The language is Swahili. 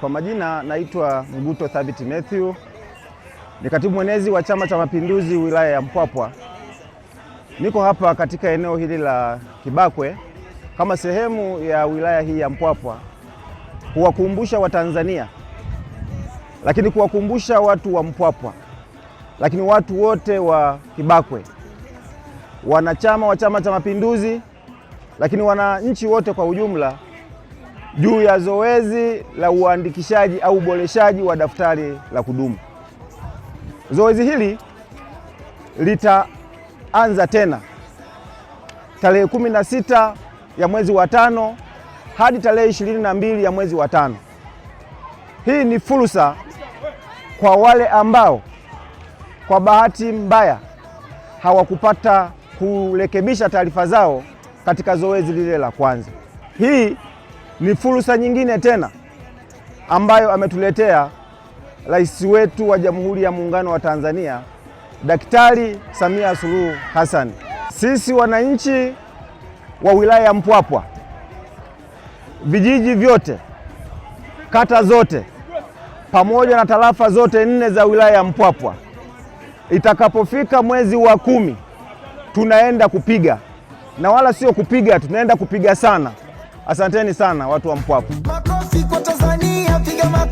Kwa majina naitwa Mguto Thabiti Matthew, ni katibu mwenezi wa Chama cha Mapinduzi wilaya ya Mpwapwa. Niko hapa katika eneo hili la Kibakwe kama sehemu ya wilaya hii ya Mpwapwa kuwakumbusha Watanzania, lakini kuwakumbusha watu wa Mpwapwa, lakini watu wote wa Kibakwe, wanachama wa Chama cha Mapinduzi, lakini wananchi wote kwa ujumla juu ya zoezi la uandikishaji au uboreshaji wa daftari la kudumu. Zoezi hili litaanza tena tarehe sita ya mwezi wa tano hadi tarehe mbili ya mwezi wa tano. Hii ni fursa kwa wale ambao kwa bahati mbaya hawakupata kurekebisha taarifa zao katika zoezi lile la kwanza. Hii ni fursa nyingine tena ambayo ametuletea rais wetu wa Jamhuri ya Muungano wa Tanzania Daktari Samia Suluhu Hassan. Sisi wananchi wa wilaya ya Mpwapwa, vijiji vyote, kata zote, pamoja na tarafa zote nne za wilaya ya Mpwapwa, itakapofika mwezi wa kumi, tunaenda kupiga na wala sio kupiga, tunaenda kupiga sana. Asanteni sana watu wa Mpwapu. Makofi kwa Tanzania, piga